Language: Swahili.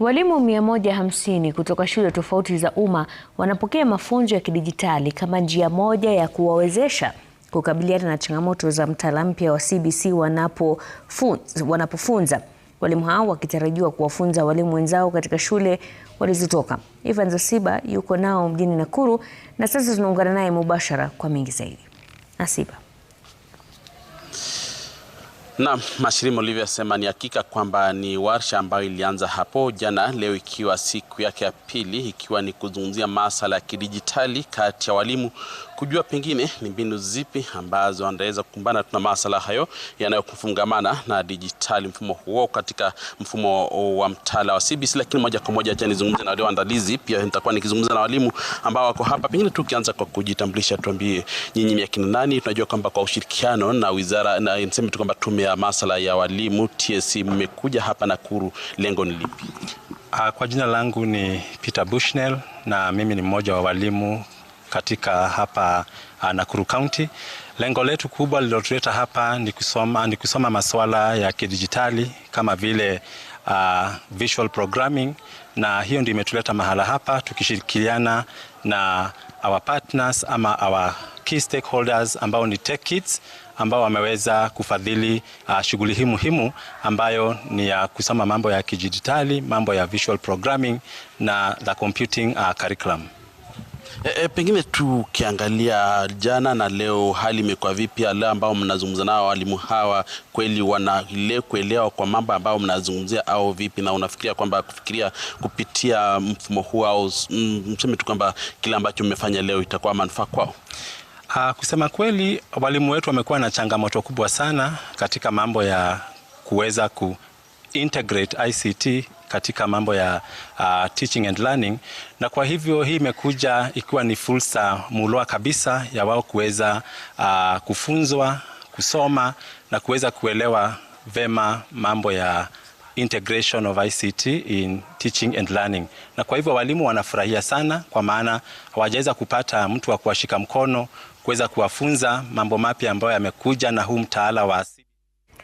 Walimu 150 kutoka shule tofauti za umma wanapokea mafunzo ya kidijitali kama njia moja ya kuwawezesha kukabiliana na changamoto za mtaala mpya wa CBC wanapofunza, wanapofunza. Walimu hao wakitarajiwa kuwafunza walimu wenzao katika shule walizotoka. Ivan Zasiba yuko nao mjini Nakuru na sasa tunaungana naye mubashara kwa mingi zaidi. Asiba. Naam, Mashirima ulivyosema ni hakika kwamba ni warsha ambayo ilianza hapo jana, leo ikiwa siku yake ya pili, ikiwa ni kuzungumzia masala ya kidijitali kati ya walimu kujua pengine ni mbinu zipi ambazo anaweza kukumbana na masala hayo yanayofungamana na dijitali, mfumo huo katika mfumo wa mtaala wa CBC. Lakini moja kwa moja acha nizungumze na wale waandalizi, pia nitakuwa nikizungumza na walimu ambao wako hapa. Pengine tu ukianza kwa kujitambulisha, tuambie nyinyi ni akina nani? Tunajua kwamba kwa ushirikiano na wizara na niseme tu kwamba tume ya masala ya walimu TSC, e, mmekuja hapa Nakuru, lengo ni lipi? Ah, kwa jina langu ni Peter Bushnell na mimi ni mmoja wa walimu katika hapa uh, Nakuru County. Lengo letu kubwa lililotuleta hapa ni kusoma, ni kusoma masuala ya kidijitali kama vile uh, visual programming na hiyo ndio imetuleta mahala hapa tukishirikiana na our partners ama our key stakeholders ambao ni Tech Kids ambao wameweza kufadhili uh, shughuli hii muhimu ambayo ni ya kusoma mambo ya kidijitali, mambo ya visual programming na the computing uh, curriculum. E, e, pengine ukiangalia jana na leo hali imekuwa vipi? Wale ambao mnazungumza nao walimu hawa kweli wana ile kuelewa kwa mambo ambayo mnazungumzia au vipi? Na unafikiria kwamba kufikiria kupitia mfumo huu au mm, mseme tu kwamba kile ambacho mmefanya leo itakuwa manufaa kwao? Ah, kusema kweli walimu wetu wamekuwa na changamoto kubwa sana katika mambo ya kuweza ku integrate ICT katika mambo ya uh, teaching and learning, na kwa hivyo hii imekuja ikiwa ni fursa mulwa kabisa ya wao kuweza uh, kufunzwa kusoma na kuweza kuelewa vema mambo ya integration of ICT in teaching and learning. Na kwa hivyo walimu wanafurahia sana, kwa maana hawajaweza kupata mtu wa kuwashika mkono kuweza kuwafunza mambo mapya ambayo yamekuja na huu mtaala wa